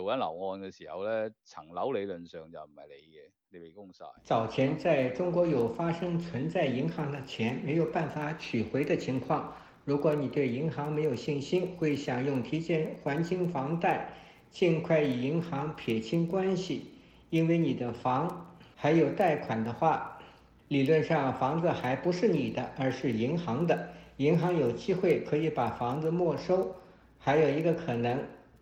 做緊樓按嘅時候咧，層樓理論上就唔係你嘅，你未供曬。早前在中國有發生存在銀行嘅錢沒有辦法取回嘅情況，如果你對銀行沒有信心，會想用提前還清房貸，盡快與銀行撇清關係，因為你的房還有貸款的話，理論上房子還不是你的，而是銀行的，銀行有機會可以把房子沒收，還有一個可能。